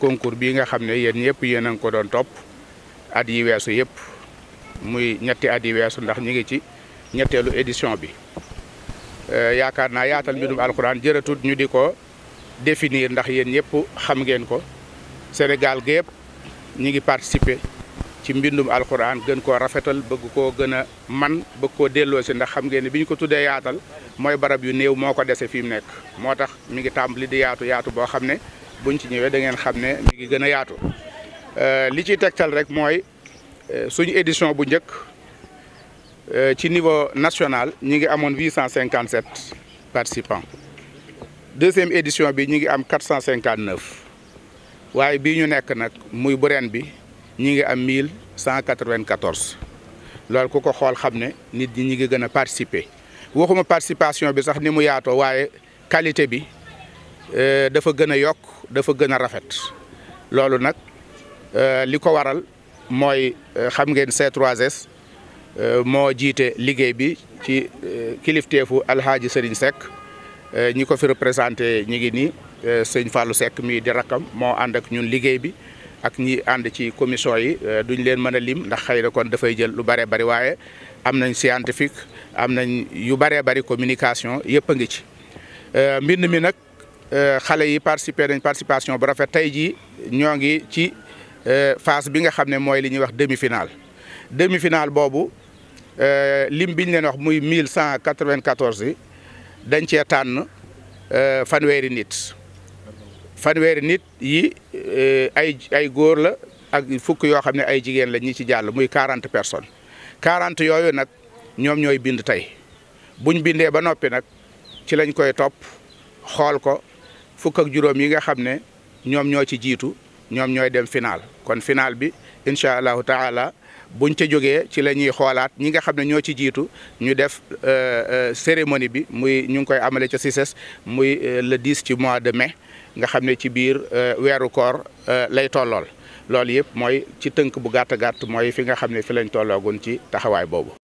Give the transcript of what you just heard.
concours bii nga xam ne yéen ñëpp yéen a ngi ko doon topp at yi weesu yëpp muy ñetti at yi weesu ndax ñu ngi ci ñetteelu édition bi euh, yaakaar naa yaatal mbindum alxuraan jërëtut ñu di ko définir ndax yéen ñëpp xam ngeen ko Sénégal gépp ñi ngi participer ci mbindum alxuraan gën ko rafetal bëgg koo gën a man bëgg koo delloo si ndax xam ngeen ne bi ñu ko tuddee yaatal mooy barab yu néew moo ko dese fi mu nekk moo tax mi ngi tàmbali di yaatu yaatu boo xam ne buñ ci ñëwee da ngeen xam ne mi ngi gën a yaatu euh, li ci tegtal rek mooy euh, suñu édition bu njëkk euh, ci niveau national ñi ngi amoon huit cent cinquante sept participants deuxième édition bi ñi ngi am quatre cent cinquante neuf waaye bii ñu nekk nag muy bu ren bi ñi ngi am mille cent quatre loolu ku ko xool xam ne nit ñi ñi ngi gën a participer waxuma participation bi sax ni mu yaatoo waaye qualité bi. Euh, dafa gën a yokk dafa gën a rafet loolu nag euh, li ko waral mooy euh, xam ngeen C3S moo jiite liggéey bi ci kilifteefu alhaaji Serigne Seck ñi ko fi représenté ñi ngi nii sëñ Fallou sekk mii di rakkam moo ànd ak ñun liggéey bi ak ñi ànd ci commission yi duñ leen mën a lim ndax xëy na kon dafay jël lu bëree bëri waaye am nañ scientifique am nañ yu bëree bari communication yëpp a ngi ci mbind mi nag. Euh, xale yi participer nañ participation bu rafet tey jii ñoo ngi ci euh, phase bi nga xam ne mooy li ñuy wax demi-finale demi-finale boobu euh, lim bi ñu leen wax muy mille cent quatre-vingt-quatorze yi dañ cee tànn fanweeri nit fanweeri nit yi ay ay góor la ak fukk yoo xam ne ay jigéen la ñi ci jàll muy quarante personnes quarante yooyu nag ñoom ñooy bind tey buñ bindee ba noppi nag ci lañ koy topp xool ko fukk ak juróom yi nga xam ne ñoom ñoo ci jiitu ñoom ñooy dem final kon final bi incha allahu taala buñ ca jógee ci la ñuy xoolaat ñi nga xam ne ñoo ci jiitu ñu def euh, euh, cérémonie bi muy ñu ngi koy amale ca CICES muy euh, le 10 ci mois de mais nga xam ne ci biir weeru koor lay tollool loolu yëpp mooy ci tënk bu gàtt gàtt mooy fi nga xam ne fi lañ tolloogun ci taxawaay boobu.